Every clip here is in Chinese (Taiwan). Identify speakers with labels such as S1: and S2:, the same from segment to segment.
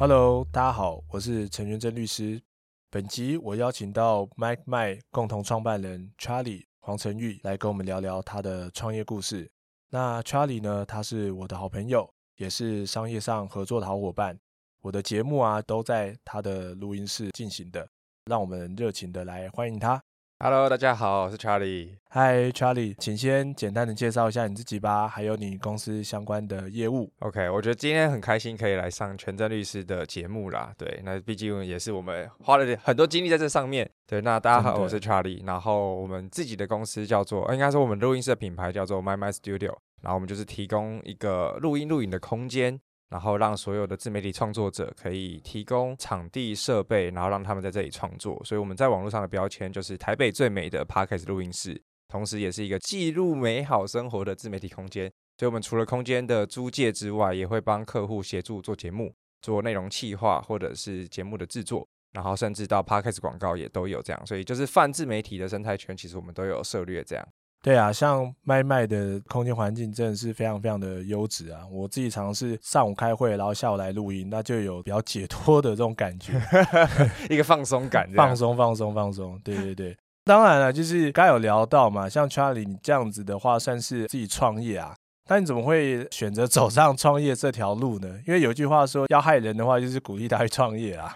S1: Hello，大家好，我是陳全正律師。本集我邀請到 MicMind 共同創辦人 Charlie 黃程郁來跟我們聊聊他的創業故事。那 Charlie 呢，他是我的好朋友，也是商業上合作的好夥伴。我的節目啊，都在他的錄音室進行的。讓我們熱情的來歡迎他。Hello，大家好，我是 Charlie。Hi，Charlie，請先簡單的介紹一下你自己吧，還有你公司相關的業務。OK，我覺得今天很開心可以來上全正律師的節目啦。
S2: 對，那畢竟也是我們花了很多精力在這上面。對，那大家好，我是 Charlie。然後我們自己的公司叫做、呃，應該說我們錄音室的品牌叫做 MicMind Studio。然後我們就是提供一個錄音錄影的空間。然後讓所有的自媒體創作者可以提供場地設備，然後讓他們在這裡創作。所以我們在網絡上的標籤就是台北最美的 Podcast 錄音室，同時也是一個記錄美好生活的自媒體空間。所以我們除了空間的租借之外，也會幫客戶協助做節目、做內容企劃或者是節目的制作，然後甚至到 Podcast 廣告也都有這樣。所以就是泛自媒體的生態圈，其實我們都有涉獵這樣。
S1: 對啊，像麥麥的空間環境真的是非常非常的優質啊！我自己嘗試上午開會，然後下午來錄音，那就有比較解脫的這種感覺， 一個放鬆感，放鬆放鬆放鬆。對對對， 當然了、啊，就是剛有聊到嘛，像 Charlie 你這樣子的話，算是自己創業啊。但你怎麼會選擇走上創業這條路呢？因為有句話說，要害人的話，就是鼓勵他去創業啊。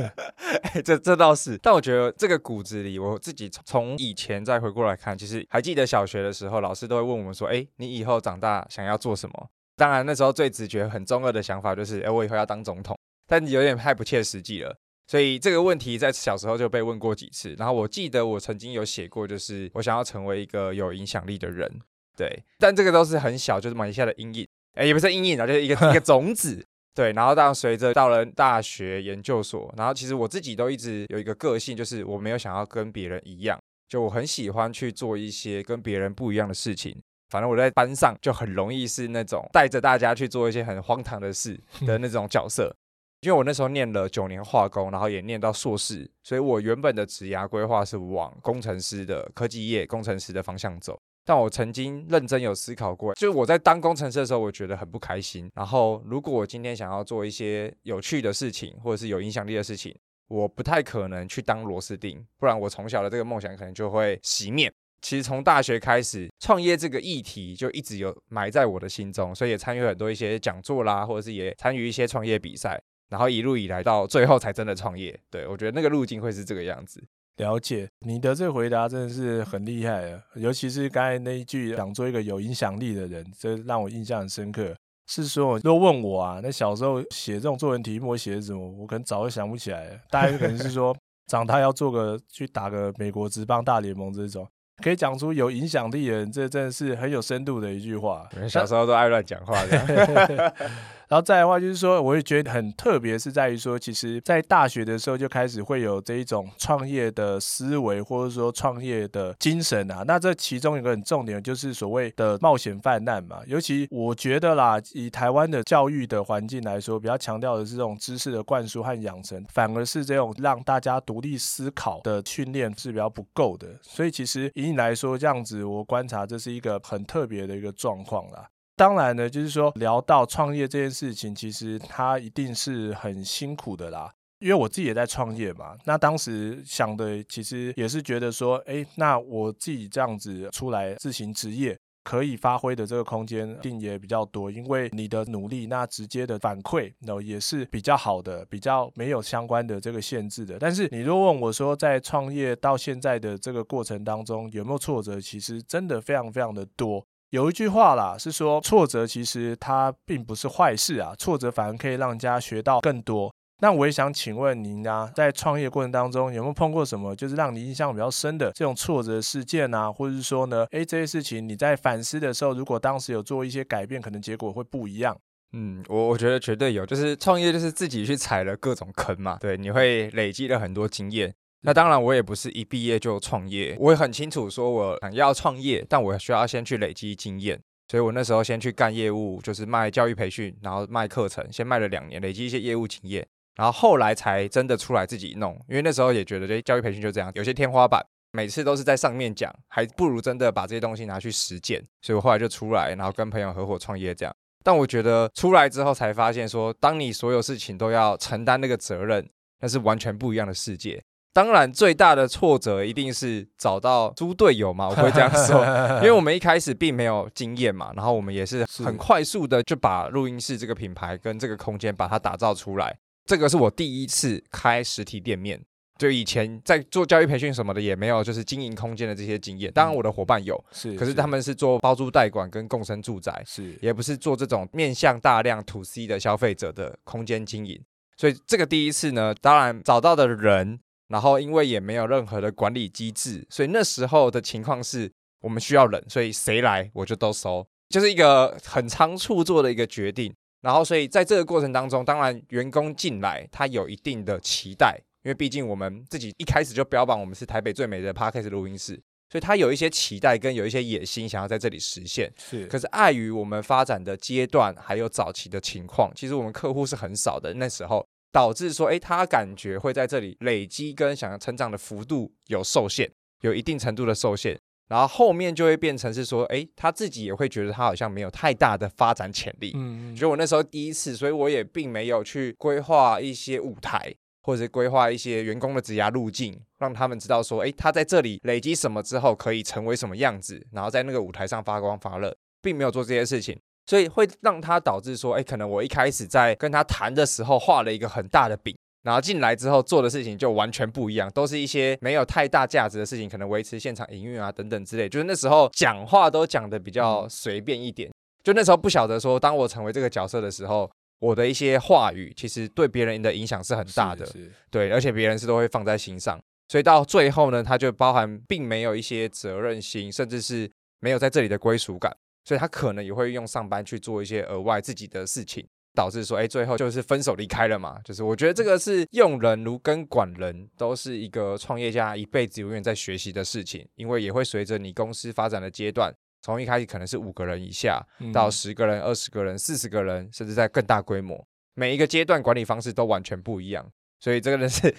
S2: 這這倒是，但我覺得這個骨子裡，我自己從，從以前再回過來看，其實還記得小學的時候，老師都會問我們說：“哎，你以後長大想要做什麼？”當然那時候最直覺很中二的想法就是：“哎，我以後要當總統。”但有點太不切實際了。所以這個問題在小時候就被問過幾次。然後我記得我曾經有寫過，就是我想要成為一個有影響力的人。對，但這個都是很小就是埋下的陰影，哎，也不是陰影啊，就是一個一個種子。 對，然後當隨着到了大學研究所，然後其實我自己都一直有一個個性，就是我沒有想要跟別人一樣，就我很喜歡去做一些跟別人不一樣的事情。反正我在班上就很容易是那種帶着大家去做一些很荒唐的事的那種角色。 因為我那時候念了九年化工，然後也念到碩士，所以我原本的職涯規劃是往工程師的科技業、工程師的方向走。但我曾經認真有思考過，就是我在當工程師的時候，我覺得很不開心。然後，如果我今天想要做一些有趣的事情，或者是有影響力的事情，我不太可能去當螺絲釘，不然我從小的這個夢想可能就會熄滅。其實從大學開始，創業這個議題就一直有埋在我的心中，所以也參與很多一些講座啦，或者是也參與一些創業比賽，然後一路以來到最
S1: 後才真的創業。對，我覺得那個路徑會是這個樣子。了解，你的這個回答真的是很厲害啊！尤其是剛才那一句“想做一個有影響力的人”，這讓我印象很深刻。是說，都問我啊，那小時候寫這種作文題目，我寫的什麼？我可能早就想不起來了。大家可能是說，長大要做個 去打個美國職棒大聯盟這種。可以講出有影響力的人，這真的是很有深度的一句話。小時候都愛亂講話的。 然後再的話，就是說，我也覺得很特別，是在於說，其實在大學的時候就開始會有這一種創業的思維，或者說創業的精神啊。那這其中一個很重點，就是所謂的冒險犯難嘛。尤其我覺得啦，以台灣的教育的環境來說，比較強調的是這種知識的灌輸和養成，反而是這種讓大家獨立思考的訓練是比較不夠的。所以其實你來說這樣子，我觀察這是一個很特別的一個狀況啦。當然呢，就是說聊到創業這件事情，其實它一定是很辛苦的啦。因為我自己也在創業嘛，那當時想的其實也是覺得說，哎，那我自己這樣子出來自行職業。可以發揮的這個空間定也比較多，因為你的努力，那直接的反饋那也是比較好的，比較沒有相關的這個限制的。但是你如果問我說，在創業到現在的這個過程當中有沒有挫折，其實真的非常非常的多。有一句話啦，是說挫折其實它並不是壞事啊，挫折反而可以讓人家學到更多。那我也想請問您啊，在創業過程當中，有沒有碰過什麼，就是讓您印象比較深的這種挫折事件啊，或者是說呢，哎、欸，這些事情你在反思的時候，如果當時有做一些改變，可能結果會不一樣。嗯，
S2: 我我覺得絕對有，就是創業就是自己去踩了各種坑嘛，對，你會累積了很多經驗。那當然，我也不是一畢業就創業，我也很清楚說我想要創業，但我需要先去累積經驗，所以我那時候先去幹業務，就是賣教育培訓，然後賣課程，先賣了兩年，累積一些業務經驗。然後後來才真的出來自己弄，因為那時候也覺得，就教育培訓就這樣，有些天花板，每次都是在上面講，還不如真的把這些東西拿去實踐。所以我後來就出來，然後跟朋友合夥創業這樣。但我覺得出來之後才發現說，說當你所有事情都要承擔那個責任，那是完全不一樣的世界。當然，最大的挫折一定是找到豬隊友嘛，我會這樣說， 因為我們一開始並沒有經驗嘛，然後我們也是很快速的就把錄音室這個品牌跟這個空間把它打造出來。這個是我第一次開實體店面，就以前在做教育培訓什麼的，也沒有就是經營空間的這些經驗。當然我的夥伴有，是，可是他們是做包租代管跟共生住宅，是，也不是做這種面向大量土 o 的消費者的空間經營。所以這個第一次呢，當然找到的人，然後因為也沒有任何的管理機制，所以那時候的情況是，我們需要人，所以誰來我就都收，就是一個很倉促做的一個決定。然後，所以在這個過程當中，當然員工進來，他有一定的期待，因為畢竟我們自己一開始就標榜我們是台北最美的 podcast 錄音室，所以他有一些期待跟有一些野心，想要在這裡實現。是，可是礙於我們發展的階段還有早期的情況，其實我們客戶是很少的，那時候導致說，哎，他感覺會在這裡累積跟想要成長的幅度有受限，有一定程度的受限。然後後面就會變成是說，哎，他自己也會覺得他好像沒有太大的發展潛力。嗯，嗯，所以，我那時候第一次，所以我也並沒有去規劃一些舞台，或者規劃一些員工的職涯路徑，讓他們知道說，哎，他在這裡累積什麼之後可以成為什麼樣子，然後在那個舞台上發光發熱，並沒有做這些事情，所以會讓他導致說，哎，可能我一開始在跟他談的時候畫了一個很大的餅。然後進來之後做的事情就完全不一樣，都是一些沒有太大價值的事情，可能維持現場營運啊等等之類。就是那時候講話都講的比較隨便一點。嗯，就那時候不曉得說，當我成為這個角色的時候，我的一些話語其實對別人的影響是很大的，是是是，對，而且別人是都會放在心上。所以到最後呢，他就包含並沒有一些責任心，甚至是沒有在這裡的歸屬感，所以他可能也會用上班去做一些額外自己的事情。導致說，哎、欸，最後就是分手離開了嘛。就是我覺得這個是用人如跟管人，都是一個創業家一輩子永遠在學習的事情，因為也會隨着你公司發展的階段，從一開始可能是五個人以下，到十個人、二十個人、四十個人，甚至在更大規模，每一個階段管理方式都完全不一樣。所以這個人是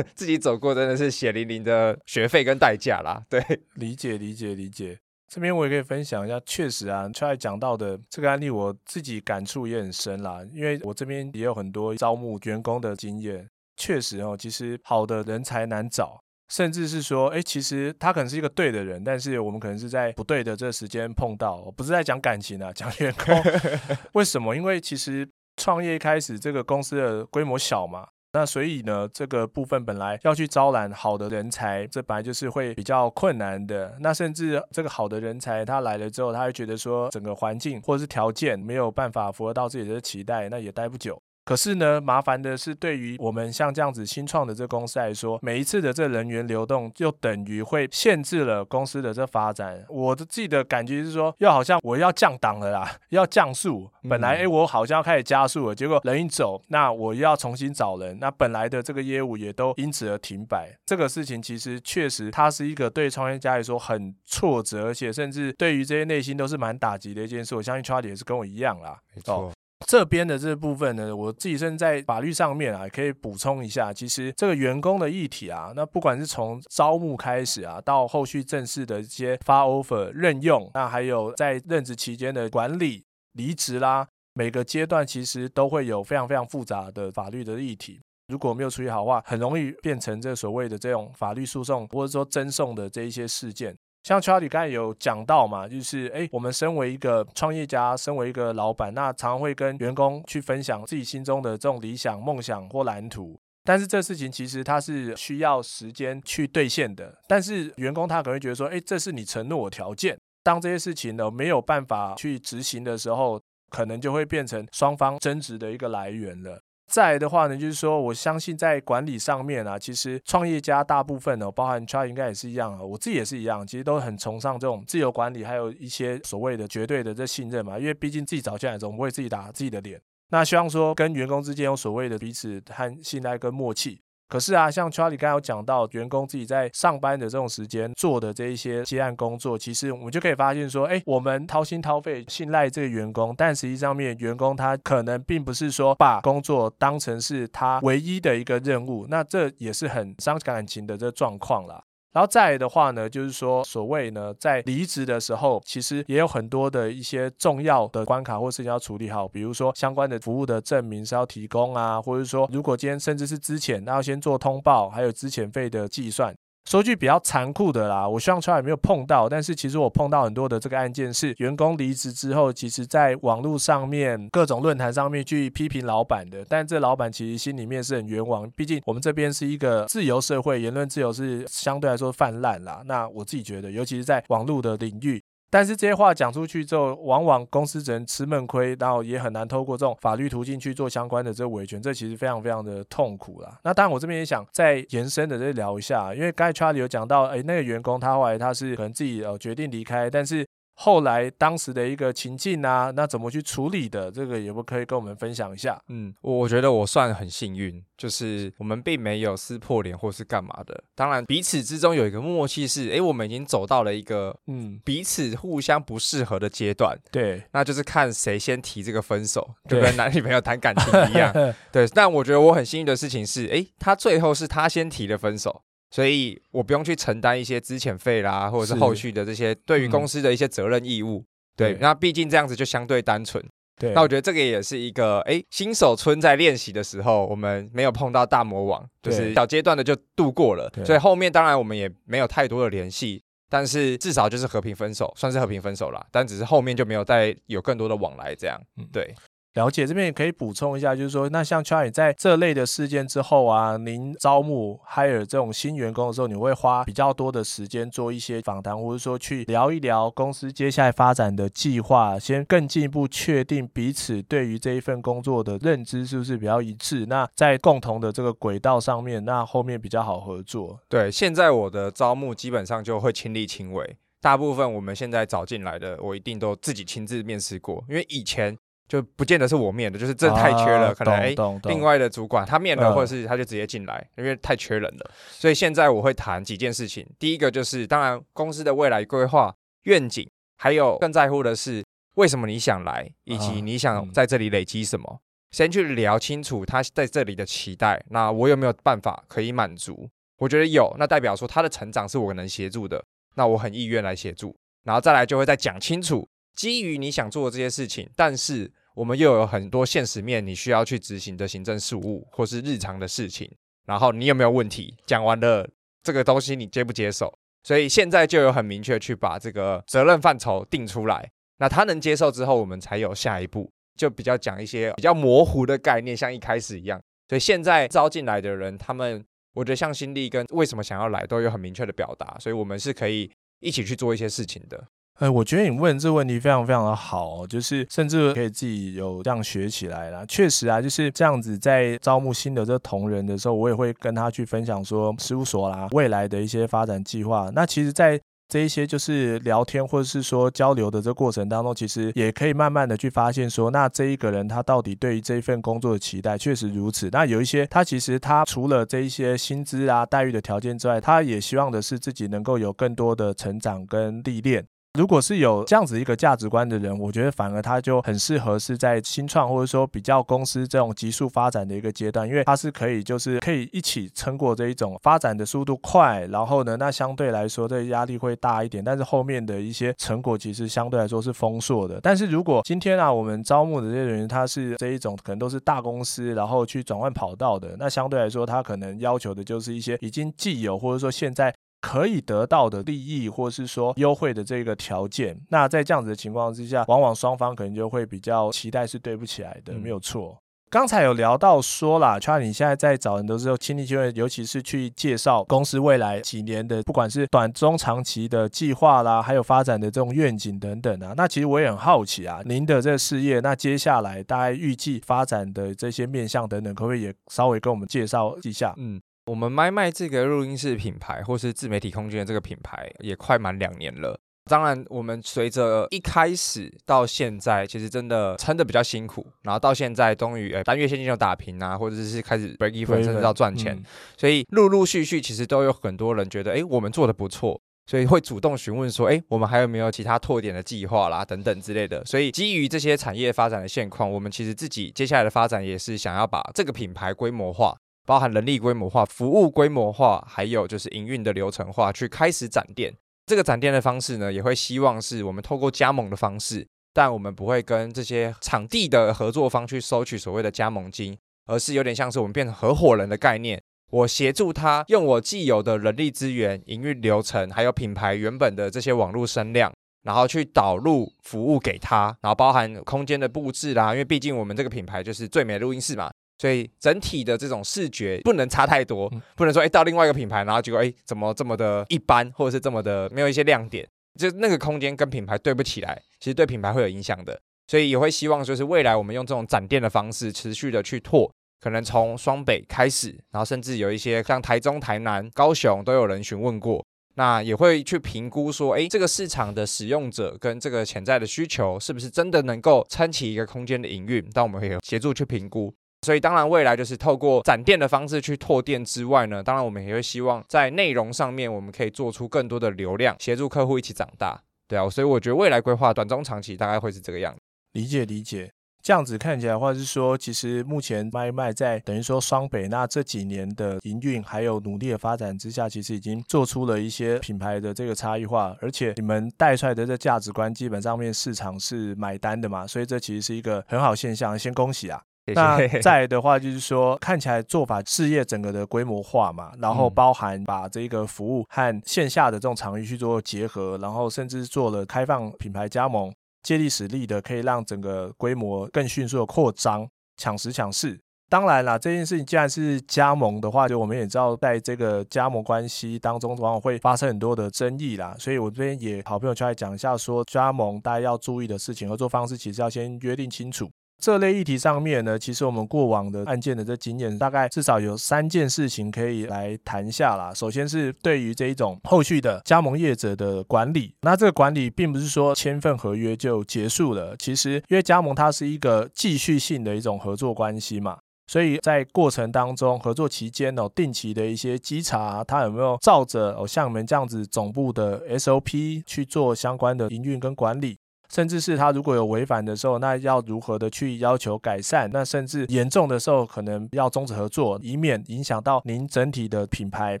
S2: 自己走過，真的是血淋淋的學費跟代價啦。對，理解理
S1: 解理解。理解。這邊我也可以分享一下，確實啊 Charlie 講到的這個案例，我自己感觸也很深啦。因為我這邊也有很多招募員工的經驗，確實哦，其實好的人才難找，甚至是說，哎、欸，其實他可能是一個對的人，但是我們可能是在不對的這時間碰到。我不是在講感情啊，講員工， 為什麼？因為其實創業一開始，這個公司的規模小嘛。那所以呢，這個部分本來要去招攬好的人才，這本來就是會比較困難的。那甚至這個好的人才他來了之後，他會覺得說整個環境或者是條件沒有辦法符合到自己的期待，那也待不久。可是呢，麻煩的是，對於我們像這樣子新創的這公司來說，每一次的這人員流動，就等於會限制了公司的這發展。我的自己的感覺是說，又好像我要降檔了啦，要降速。本來哎、欸，我好像開始加速了，結果人一走，那我要重新找人，那本來的這個業務也都因此而停擺。這個事情其實確實，它是一個對創業家來說很挫折，而且甚至對於這些內心都是蠻打擊的一件事。我相信 Charlie 也是跟我一樣啦，沒錯。這邊的這部分呢，我自己正在法律上面啊，可以補充一下，其實這個員工的議題啊，那不管是從招募開始啊，到後續正式的一些發 offer、任用，那還有在任職期間的管理、離職啦、啊，每個階段其實都會有非常非常複雜的法律的議題，如果沒有處理好的話，很容易變成這所謂的這種法律訴訟，或者說爭訟的這一些事件。像 Charlie 剛才有講到嘛，就是誒，我們身為一個創業家，身為一個老闆，那常常會跟員工去分享自己心中的這種理想、夢想或藍圖。但是這事情其實它是需要時間去兌現的。但是員工他可能會覺得說，誒，這是你承諾我條件。當這些事情呢，沒有辦法去執行的時候，可能就會變成雙方爭執的一個來源了。再來的話呢，就是說，我相信在管理上面啊，其實創業家大部分呢、喔，包含 Charlie 應該也是一樣、喔，我自己也是一樣，其實都很崇尚這種自由管理，還有一些所謂的絕對的這信任嘛，因為畢竟自己找進來，總不會自己打自己的臉。那希望說跟員工之間有所謂的彼此和信賴跟默契。可是啊，像 Charlie 剛才有講到，員工自己在上班的這種時間做的這一些接案工作，其實我們就可以發現說，哎，我們掏心掏肺信賴這個員工，但實際上面員工他可能並不是說把工作當成是他唯一的一個任務，那這也是很傷感情的這個狀況啦。然後再來的話呢，就是說，所謂呢，在離職的時候，其實也有很多的一些重要的關卡或事情要處理好，比如說相關的服務的證明是要提供啊，或者說，如果今天甚至是之前，那要先做通報，還有資遣費的計算。說句比較殘酷的啦，我希望從來沒有碰到，但是其實我碰到很多的這個案件是員工離職之後，其實在網絡上面、各種論壇上面去批評老闆的，但這老闆其實心裡面是很冤枉，畢竟我們這邊是一個自由社會，言論自由是相對來說氾濫啦。那我自己覺得，尤其是在網絡的領域。但是這些話講出去之後，往往公司只能吃悶虧，然後也很難透過這種法律途徑去做相關的這維權，這其實非常非常的痛苦啦。那當然，我這邊也想再延伸的再聊一下，因為剛才 Charlie 有講到，誒、欸，那個員工他後來他是可能自己呃決定離開，但是。後來當時的一個情境啊，那怎麼去處理的？這個也不可以跟我們分享一下？嗯，
S2: 我覺得我算很幸運，就是我們並沒有撕破臉或是幹嘛的。當然，彼此之中有一個默契是，誒、欸，我們已經走到了一個嗯彼此互相不適合的階段。對、嗯，那就是看誰先提這個分手，對，就跟男女朋友談感情一樣。對， 對，但我覺得我很幸運的事情是，誒、欸，他最後是他先提的分手。所以我不用去承擔一些資遣費啦，或者是後續的這些對於公司的一些責任義務。嗯、對，對，那畢竟這樣子就相對單純。對，那我覺得這個也是一個，哎、欸，新手村在練習的時候，我們沒有碰到大魔王，就是小階段的就度過了。對。所以後面當然我們也沒有太多的聯繫，但是至少就是和平分手，算是和平分手了。但只是後面就沒有再有更多的往來這樣。
S1: 嗯、對。了解，這邊也可以補充一下，就是說，那像 Charlie 在這類的事件之後啊，您招募 hire 這種新員工的時候，你會花比較多的時間做一些訪談，或者說去聊一聊公司接下來發展的計劃，先更進一步確定彼此對於這一份工作的認知是不是比較一致。那在共同的這個軌道上面，那後面比較好合作。
S2: 對，現在我的招募基本上就會親力親為，大部分我們現在找進來的，我一定都自己親自面試過，因為以前。就不見得是我面的，就是這太缺了，啊、可能誒，另外的主管他面了，呃，或者是他就直接進來，因為太缺人了。所以現在我會談幾件事情，第一個就是，當然公司的未來規劃、願景，還有更在乎的是為什麼你想來，以及你想在這裡累積什麼。啊嗯、先去聊清楚他在這裡的期待，那我有沒有辦法可以滿足？我覺得有，那代表說他的成長是我能協助的，那我很意願來協助。然後再來就會再講清楚，基於你想做的這些事情，但是。我們又有很多現實面，你需要去執行的行政事務或是日常的事情，然後你有沒有問題？講完了這個東西，你接不接受？所以現在就有很明確去把這個責任範疇定出來。那他能接受之後，我們才有下一步，就比較講一些比較模糊的概念，像一開始一樣。所以現在招進來的人，他們我覺得向心力跟為什麼想要來都有很明確的表達，所以我們是可以一起去
S1: 做一些事情的。哎，我覺得你問這問題非常非常的好哦，就是甚至可以自己有這樣學起來啦。確實啊，就是這樣子在招募新的這同仁的時候，我也會跟他去分享說事務所啦，未來的一些發展計劃。那其實，在這一些就是聊天或者是說交流的這過程當中，其實也可以慢慢的去發現說，那這一個人他到底對於這份工作的期待確實如此。那有一些他其實他除了這一些薪資啊待遇的條件之外，他也希望的是自己能夠有更多的成長跟歷練。如果是有這樣子一個價值觀的人，我覺得反而他就很適合是在新創或者說比較公司這種急速發展的一個階段，因為他是可以就是可以一起撐過這一種發展的速度快，然後呢，那相對來說，這壓力會大一點，但是後面的一些成果其實相對來說是豐碩的。但是如果今天啊，我們招募的這些人，他是這一種可能都是大公司，然後去轉換跑道的，那相對來說他可能要求的就是一些已經既有或者說現在，可以得到的利益，或是說優惠的這個條件，那在這樣子的情況之下，往往雙方可能就會比較期待是對不起來的，嗯、沒有錯。剛才有聊到說啦，像你現在在找人的時候，親力親為，尤其是去介紹公司未來幾年的不管是短中長期的計劃啦，還有發展的這種願景等等啊。那其實我也很好奇啊，您的這個事業，那接下來大概預計發展的這些面向等等，可不可以也稍微跟我們介紹一下？嗯。我們 MicMind 這個錄音室品牌，或是自媒體空間的這個品牌，也快滿兩
S2: 年了。當然，我們隨着一開始到現在，其實真的撐得比較辛苦。然後到現在，終於、哎、單月現金有打平啊，或者是開始 break even，甚至要賺錢。所以陸陸續續，續，其實都有很多人覺得，哎，我們做的不錯，所以會主動詢問說，哎，我們還有沒有其他拓點的計劃啦，等等之類的。所以基於這些產業發展的現況，我們其實自己接下來的發展也是想要把這個品牌規模化。包含人力規模化、服務規模化，還有就是營運的流程化，去開始展店。這個展店的方式呢，也會希望是我們透過加盟的方式，但我們不會跟這些場地的合作方去收取所謂的加盟金，而是有點像是我們變成合夥人的概念。我協助他用我既有的人力資源、營運流程，還有品牌原本的這些網絡聲量，然後去導入服務給他，然後包含空間的布置啦。因為畢竟我們這個品牌就是最美錄音室嘛。所以整體的這種視覺不能差太多，嗯、不能說誒到另外一個品牌，然後結果誒怎麼這麼的一般，或者是這麼的沒有一些亮點，就那個空間跟品牌對不起來，其實對品牌會有影響的。所以也會希望就是未來我們用這種展店的方式，持續的去拓，可能從雙北開始，然後甚至有一些像台中、台南、高雄都有人詢問過，那也會去評估說誒這個市場的使用者跟這個潛在的需求是不是真的能夠撐起一個空間的營運，但我們會有協助去評估。所以，當然，未來就是透過展店的方式去拓店之外呢，當然我們也會希望在內容上面，我們可以做出更多的流量，協助客戶一起長大，對啊。所以我覺得未來規劃短中長期大概會是這個
S1: 樣。理解理解，這樣子看起來的話是說，其實目前麥麥在等於說雙北那這幾年的營運還有努力的發展之下，其實已經做出了一些品牌的這個差異化，而且你們帶出來的這價值觀基本上面市場是買單的嘛，所以這其實是一個很好現象，先恭喜啊！ 那再來的話，就是說看起來做法事業整個的規模化嘛，然後包含把這個服務和線下的這種場域去做結合，然後甚至做了開放品牌加盟，借力使力的可以讓整個規模更迅速的擴張，搶食搶勢。當然啦，這件事情既然是加盟的話，就我們也知道，在這個加盟關係當中，往往會發生很多的爭議啦。所以我這邊也好朋友出來講一下，說加盟大家要注意的事情，合作方式其實要先約定清楚。這類議題上面呢，其實我們過往的案件的這經驗，大概至少有三件事情可以來談下啦。首先是對於這一種後續的加盟業者的管理，那這個管理並不是說簽份合約就結束了，其實因為加盟它是一個繼續性的一種合作關係嘛，所以在過程當中合作期間哦，定期的一些稽查啊，他有沒有照着哦像我們這樣子總部的 SOP 去做相關的營運跟管理。甚至是他如果有違反的時候，那要如何的去要求改善？那甚至嚴重的時候，可能要終止合作，以免影響到您整體的品牌。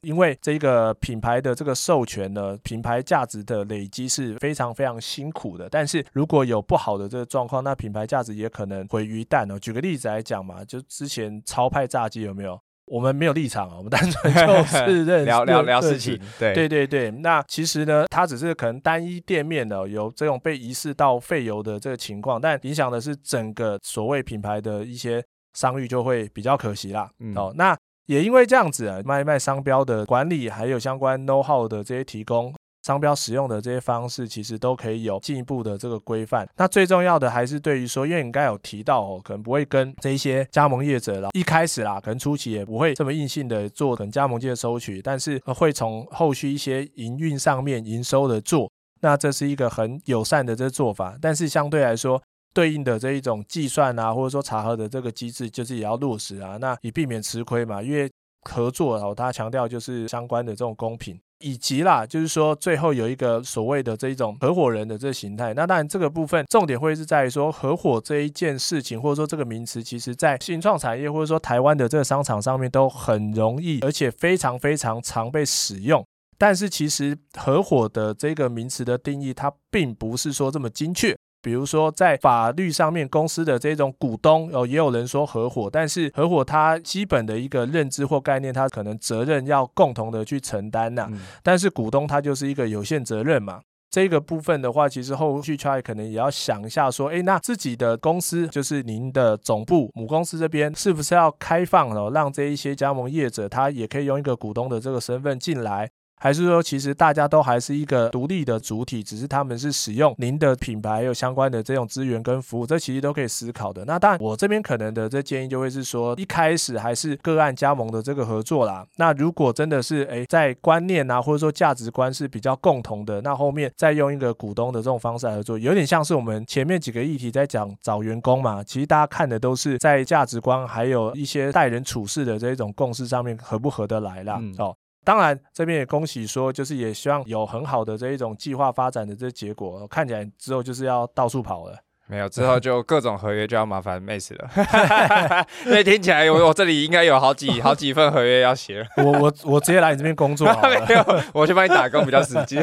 S1: 因為這個品牌的這個授權呢，品牌價值的累積是非常非常辛苦的。但是如果有不好的這個狀況，那品牌價值也可能毀於一旦哦。舉個例子來講嘛，就之前超派炸雞有沒有？我們沒有立場、啊，我們單純就是認 聊聊聊事情。對對對，那其實呢，它只是可能單一店面的、哦、有這種被遺失到廢油的這個情況，但影響的是整個所謂品牌的一些商譽，就會比較可惜啦、嗯。哦，那也因為這樣子，啊，賣賣商標的管理還有相關 know how 的這些提供。商標使用的這些方式，其實都可以有進一步的這個規範。那最重要的還是對於說，因為你剛有提到哦，可能不會跟這一些加盟業者啦，一開始啦，可能初期也不會這麼硬性的做，可能加盟費的收取，但是會從後續一些營運上面營收的做，那這是一個很友善的這個做法。但是相對來說，對應的這一種計算啊，或者說查核的這個機制，就是也要落實啊，那以避免吃虧嘛。因為合作哦，他強調就是相關的這種公平。以及啦，就是說最後有一個所謂的這一種合夥人的這形態。那當然，這個部分重點會是在於說合夥這一件事情，或者說這個名詞，其實在新創產業或者說台灣的這個商場上面都很容易，而且非常非常常被使用。但是其實合夥的這個名詞的定義，它並不是說這麼精確。比如說，在法律上面，公司的這種股東哦，也有人說合夥，但是合夥它基本的一個認知或概念，它可能責任要共同的去承擔吶、啊嗯。但是股東他就是一個有限責任嘛。這個部分的話，其實後續 Charlie 可能也要想一下，說，誒，那自己的公司就是您的總部母公司這邊，是不是要開放了，讓這一些加盟業者他也可以用一個股東的這個身份進來？還是說，其實大家都還是一個獨立的主體，只是他們是使用您的品牌還有相關的這種資源跟服務，這其實都可以思考的。那當然，我這邊可能的這建議就會是說，一開始還是個案加盟的這個合作啦。那如果真的是誒在觀念啊或者說價值觀是比較共同的，那後面再用一個股東的這種方式來合作，有點像是我們前面幾個議題在講找員工嘛，其實大家看的都是在價值觀還有一些待人處事的這種共識上面合不合得來啦。哦。當然，這邊也恭喜說，說就是也希望有很好的這一種計劃發展的這結果。看起來之後就是要到處跑了，
S2: 沒有之後就各種合約就要麻煩 Max 了。
S1: 因為 聽起來我我
S2: 這裡應該有好幾 好幾份合約要寫。
S1: 我我我直接來你這邊工作好了， 我去幫你打工比較實際。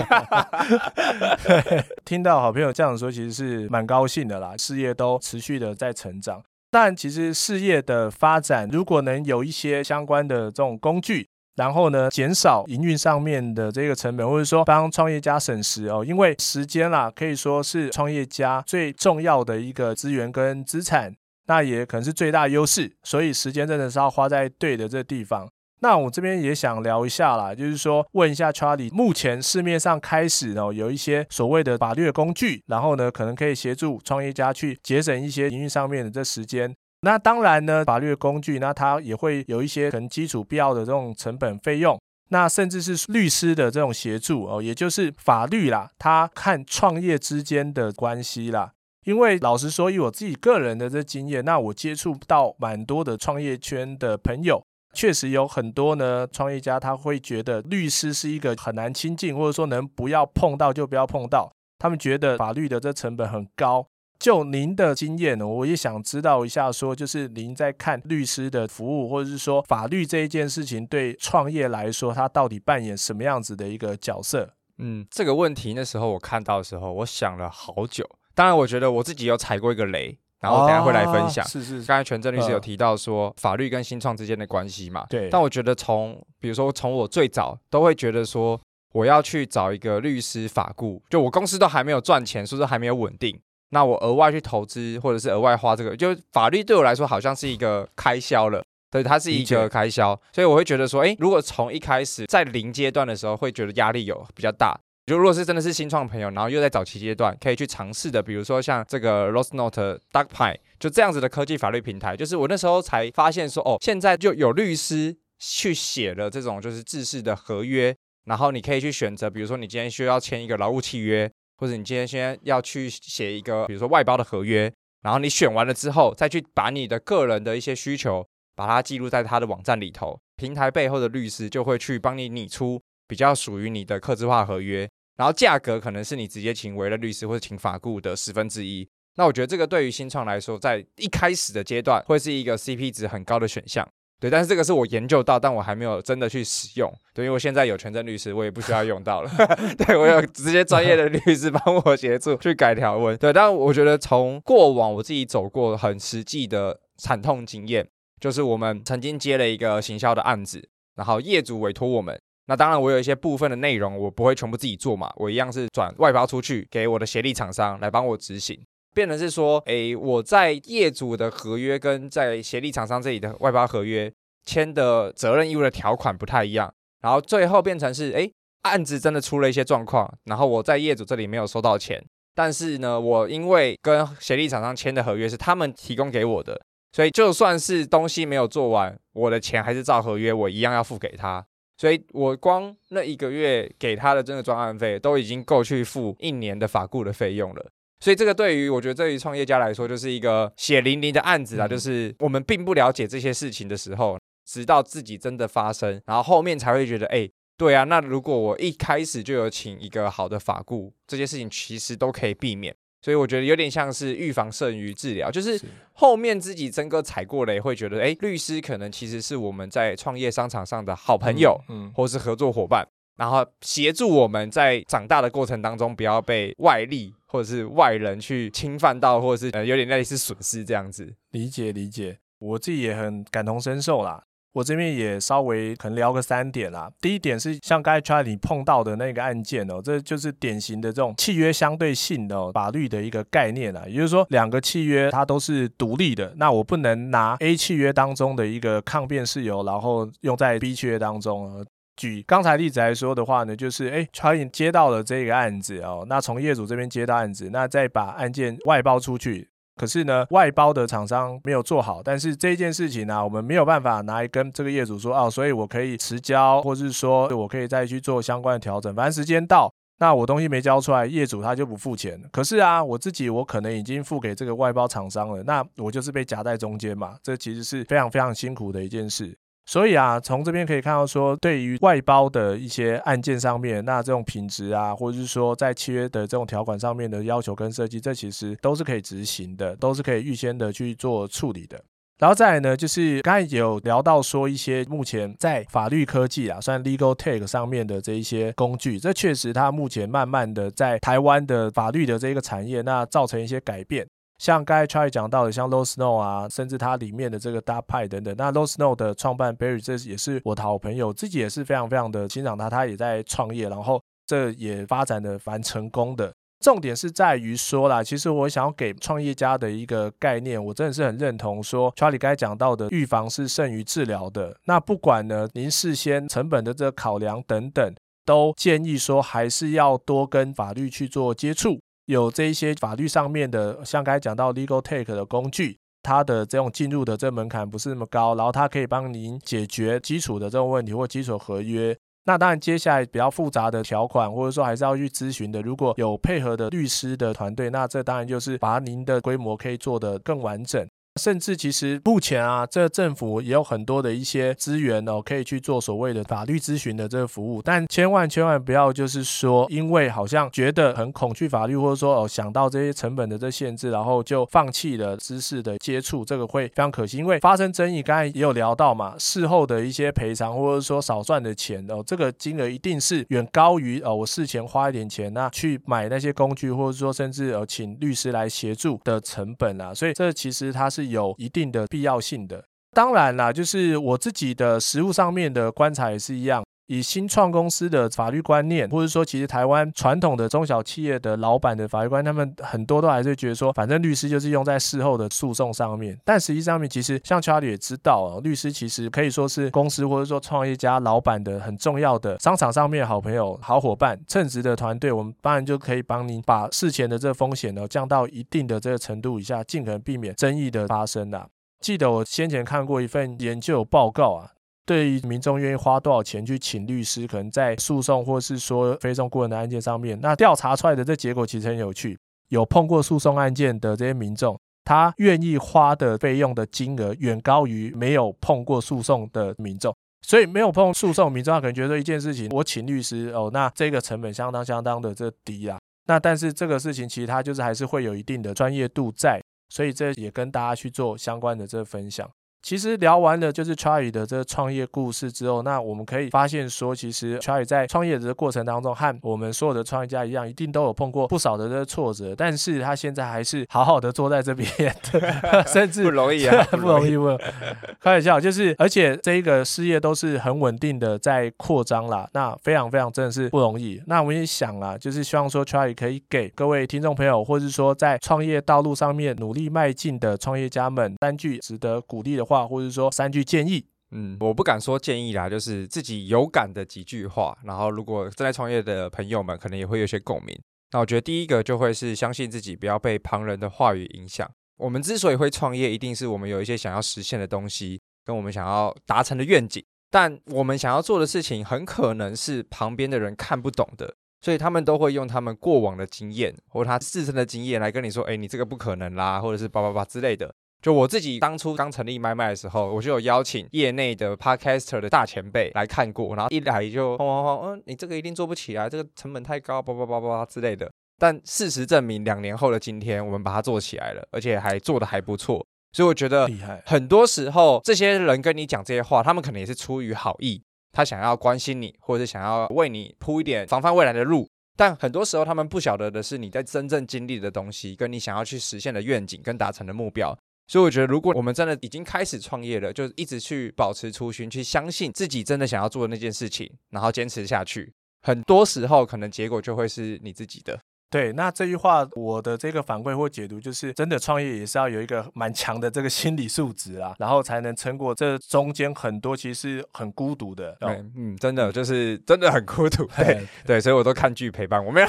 S1: 聽到好朋友這樣說，其實是蠻高興的啦。事業都持續的在成長，但其實事業的發展如果能有一些相關的這種工具。然後呢，減少營運上面的這個成本，或者說幫創業家省時哦，因為時間啦可以說是創業家最重要的一個資源跟資產，那也可能是最大的優勢，所以時間真的是要花在對的這個地方。那我這邊也想聊一下啦，就是說問一下 Charlie，目前市面上開始呢有一些所謂的法律工具，然後呢可能可以協助創業家去節省一些營運上面的這時間。那當然呢，法律的工具，那它也會有一些可能基礎必要的這種成本費用，那甚至是律師的這種協助哦，也就是法律啦，他和創業之間的關係啦。因為老實說，以我自己個人的這經驗，那我接觸到蠻多的創業圈的朋友，確實有很多呢，創業家他會覺得律師是一個很難親近，或者說能不要碰到就不要碰到，他們覺得法律的這成本很高。就您的經驗呢，我也想知道一下說，說就是您在看律師的服務，或者是說法律這一件事情，對創業來說，它到底扮演什麼樣子的一個角色？嗯，這個問題那時候我
S2: 看到的時候，我想了好久。當然，我覺得我自己有踩過一個雷，然後等下會來分享。啊、是，是是。剛才全正律師有提到說，法律跟新創之間的關係嘛。對。但我覺得從比如說從我最早都會覺得說，我要去找一個律師法顧，就我公司都還沒有賺錢，所以說還沒有穩定。那我額外去投資，或者是額外花這個，就法律對我來說好像是一個開銷了，對，它是一個開銷，所以我會覺得說，哎，如果從一開始在零階段的時候，會覺得壓力有比較大。就如果是真的是新創朋友，然後又在早期階段可以去嘗試的，比如說像這個 Lost Note Duck Pie，就這樣子的科技法律平台，就是我那時候才發現說，哦，現在就有律師去寫了這種就是制式的合約，然後你可以去選擇，比如說你今天需要簽一個勞務契約。或者你今天先要去寫一個，比如說外包的合約，然後你選完了之後，再去把你的個人的一些需求把它記錄在他的網站裡頭，平台背後的律師就會去幫你擬出比較屬於你的客製化合約，然後價格可能是你直接請委任律師或者請法顧的十分之一，那我覺得這個對於新創來說，在一開始的階段會是一個 CP 值很高的選項。對，但是這個是我研究到，但我還沒有真的去使用。對，因為我現在有全正律師，我也不需要用到了。 對，我有直接專業的律師幫我協助 去改條文。對，但我覺得從過往我自己走過很實際的慘痛經驗，就是我們曾經接了一個行銷的案子，然後業主委托我們。那當然，我有一些部分的內容我不會全部自己做嘛，我一樣是轉外包出去給我的協力廠商來幫我執行。變成是說，誒、欸，我在業主的合約跟在協力廠商這裡的外包合約簽的責任義務的條款不太一樣，然後最後變成是，誒、欸，案子真的出了一些狀況，然後我在業主這裡沒有收到錢，但是呢，我因為跟協力廠商簽的合約是他們提供給我的，所以就算是東西沒有做完，我的錢還是照合約我一樣要付給他，所以我光那一個月給他的這個專案費都已經夠去付一年的法顧的費用了。所以這個對於我覺得對於創業家來說就是一個血淋淋的案子啊，就是我們並不了解這些事情的時候，直到自己真的發生，然後後面才會覺得，哎，對啊，那如果我一開始就有請一個好的法顧，這些事情其實都可以避免。所以我覺得有點像是預防勝於治療，就是後面自己真的踩過雷，會覺得，哎，律師可能其實是我們在創業商場上的好朋友，嗯，或是合作夥伴，然後協助我們在長大的過程當中，不要被外力。或者是外人去侵犯到，或者是呃有點類似損失這樣子。
S1: 理解理解，我自己也很感同身受啦。我這邊也稍微可能聊個三點啦。第一點是像剛才你碰到的那個案件哦，這就是典型的這種契約相對性的、哦、法律的一個概念啦。也就是說，兩個契約它都是獨立的，那我不能拿 A 契約當中的一個抗辯事由，然後用在 B 契約當中。舉剛才例子來說的話呢，就是哎，創業接到了這個案子哦，那從業主這邊接到案子，那再把案件外包出去，可是呢，外包的廠商沒有做好，但是這件事情啊，我們沒有辦法拿來跟這個業主說哦，所以我可以遲交，或是說我可以再去做相關的調整，反正時間到，那我東西沒交出來，業主他就不付錢。可是啊，我自己我可能已經付給這個外包廠商了，那我就是被夾在中間嘛，這其實是非常非常辛苦的一件事。所以啊，從這邊可以看到說，對於外包的一些案件上面，那這種品質啊，或者是說在契約的這種條款上面的要求跟設計，這其實都是可以執行的，都是可以預先的去做處理的。然後再來呢，就是剛才有聊到說一些目前在法律科技啊，算 legal tech 上面的這一些工具，這確實它目前慢慢的在台灣的法律的這個產業，那造成一些改變。像剛才 Charlie 講到的，像 Low Snow 啊，甚至它裡面的這個搭配等等，那 Low Snow 的創辦 Berry 這也是我的好朋友，自己也是非常非常的欣賞他，他也在創業，然後這也發展得蠻成功的。重點是在於說啦，其實我想要給創業家的一個概念，我真的是很認同說 Charlie 剛才講到的，預防是勝於治療的。那不管呢，您事先成本的這個考量等等，都建議說還是要多跟法律去做接觸。有這一些法律上面的，像剛才講到 Legal Tech 的工具，它的這種進入的這門檻不是那麼高，然後它可以幫您解決基礎的這種問題或基礎合約。那當然接下來比較複雜的條款，或者說還是要去諮詢的，如果有配合的律師的團隊，那這當然就是把您的規模可以做得更完整。甚至其實目前啊，這個、政府也有很多的一些資源哦，可以去做所謂的法律諮詢的這個服務。但千萬千萬不要就是說，因為好像覺得很恐懼法律，或者說哦想到這些成本的這限制，然後就放棄了知識的接觸，這個會非常可惜。因為發生爭議，剛才也有聊到嘛，事後的一些賠償，或者說少賺的錢哦，這個金額一定是遠高於哦我事前花一點錢啊去買那些工具，或者說甚至哦、呃、請律師來協助的成本啊。所以這其實它是。是有一定的必要性的，當然啦，就是我自己的實務上面的觀察也是一樣。以新創公司的法律觀念，或者說，其實台灣傳統的中小企業的老板的法律觀，他們很多都還是覺得說，反正律師就是用在事後的訴訟上面。但實際上面，其實像 Charlie 也知道啊，律師其實可以說是公司或者說創業家老板的很重要的商場上面好朋友、好夥伴、稱職的團隊。我們當然就可以幫您把事前的這個風險呢降到一定的這個程度以下，盡可能避免爭議的發生的啊。記得我先前看過一份研究報告啊。對於民眾願意花多少錢去請律師，可能在訴訟或是說非訟過人的案件上面，那調查出來的這結果其實很有趣。有碰過訴訟案件的這些民眾，他願意花的費用的金額遠高於沒有碰過訴訟的民眾。所以沒有碰訴訟民眾，他可能覺得說一件事情，我請律師哦，那這個成本相當相當的這低啊。那但是這個事情其實它就是還是會有一定的專業度在，所以這也跟大家去做相關的這個分享。其實聊完了就是 Charlie 的這個創業故事之後，那我們可以發現說，其實 Charlie 在創業的過程當中，和我們所有的創業家一樣，一定都有碰過不少的這個挫折，但是他現在還是好好的坐在這邊的， 甚至不
S2: 容易啊，不容易。 不容易，不
S1: 容易 開玩笑，就是而且這一個事業都是很穩定的在擴張啦，那非常非常真的是不容易。那我們也想啦，就是希望說 Charlie 可以給各位聽眾朋友，或是說在創業道路上面努力邁進的創業家們，三句值得鼓勵的話，話或者說三句建議，嗯，我不敢說建議啦，就是自己
S2: 有感的幾句話。然後，如果正在創業的朋友們，可能也會有些共鳴。那我覺得第一個就會是相信自己，不要被旁人的話語影響。我們之所以會創業，一定是我們有一些想要實現的東西，跟我們想要達成的願景。但我們想要做的事情，很可能是旁邊的人看不懂的，所以他們都會用他們過往的經驗，或他自身的經驗來跟你說：“哎，你這個不可能啦，或者是叭叭叭之類的。”就我自己當初剛成立麥麥的時候，我就有邀請業內的 Podcaster 的大前輩來看過，然後一來就轟轟轟，嗯、哦哦，你這個一定做不起來，這個成本太高，叭叭叭叭之類的。但事實證明，兩年後的今天我們把它做起來了，而且還做得還不錯。所以我覺得，厲害，很多時候這些人跟你講這些話，他們可能也是出於好意，他想要關心你，或者是想要為你鋪一點防範未來的路。但很多時候他們不曉得的是，你在真正經歷的東西，跟你想要去實現的願景跟達成的目標。所以我覺得，如果我們真的已經開始創業了，就一直去保持初心，去相信自己真的想要做的那
S1: 件事情，然後堅持下去，很多時候可能結果就會是你自己的。對，那這句話我的這個反饋或解讀就是，真的創業也是要有一個蠻強的這個心理素質啦，然後才能撐過這中間很多其實是很孤獨的。對、嗯，嗯，真的、嗯、就是真的很孤獨。對， 對，對，所以我都看劇陪伴我沒有。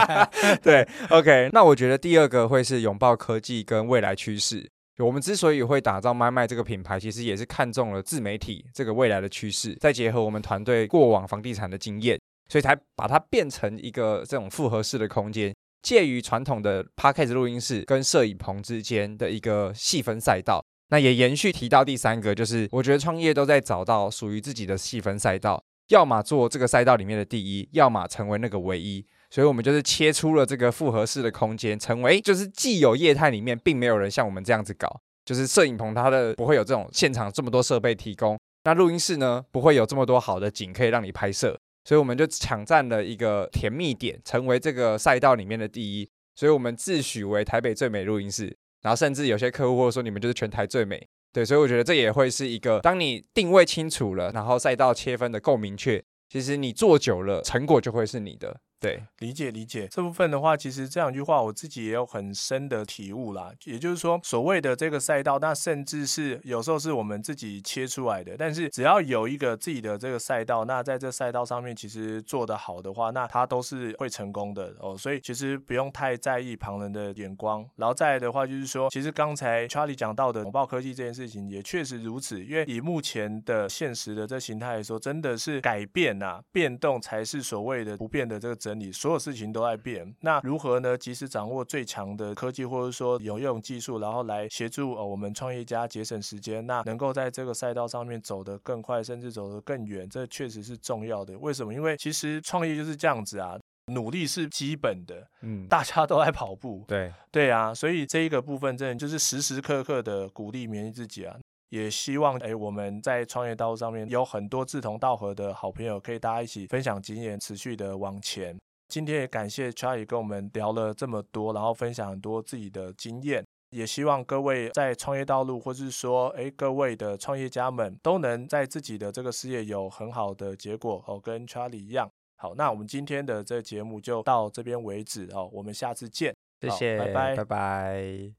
S2: 對，OK，那我覺得第二個會是擁抱科技跟未來趨勢。我們之所以會打造 MicMind 這個品牌，其實也是看中了自媒體這個未來的趨勢，再結合我們團隊過往房地產的經驗，所以才把它變成一個這種複合式的空間，介於傳統的 podcast 錄音室跟攝影棚之間的一個細分賽道。那也延續提到第三個，就是我覺得創業都在找到屬於自己的細分賽道，要麼做這個賽道裡面的第一，要麼成為那個唯一。所以，我們就是切出了這個複合式的空間，成為就是既有業態裡面，並沒有人像我們這樣子搞。就是攝影棚，它的不會有這種現場這麼多設備提供；那錄音室呢，不會有這麼多好的景可以讓你拍攝。所以，我們就搶占了一個甜蜜點，成為這個賽道裡面的第一。所以，我們自詡為台北最美錄音室，然後甚至有些客戶或者說你們就是全台最美。對，所以我覺得這也會是一個，當你定位清楚了，然後賽道切分的夠明確，其實你做久了，成果就會是你的。
S1: 對，理解理解這部分的話，其實這兩句話我自己也有很深的體悟啦。也就是說，所謂的這個賽道，那甚至是有時候是我們自己切出來的，但是只要有一個自己的這個賽道，那在這賽道上面其實做得好的話，那它都是會成功的哦。所以其實不用太在意旁人的眼光。然後再來的話，就是說，其實剛才 Charlie 講到的“紅爆科技”這件事情也確實如此，因為以目前的現實的這形態來說，真的是改變啊、變動才是所謂的不變的這個真理。你所有事情都在變，那如何呢？及時掌握最強的科技，或者說有用技術，然後來協助呃、哦、我們創業家節省時間，那能夠在這個賽道上面走得更快，甚至走得更遠，這確實是重要的。為什麼？因為其實創業就是這樣子啊，努力是基本的，嗯，大家都在跑步，對對啊，所以這一個部分，真的就是時時刻刻的鼓勵、勉勵自己啊。也希望誒、哎、我們在創業道路上面有很多志同道合的好朋友，可以大家一起分享經驗，持續的往前。今天也感謝 Charlie 跟我們聊了這麼多，然後分享很多自己的經驗，也希望各位在創業道路，或是說，誒，各位的創業家們都能在自己的這個事業有很好的結果哦，跟 Charlie 一樣。好，那我們今天的這個節目就到這邊為止哦，我們下次見，謝謝，好，拜拜，
S2: 拜拜。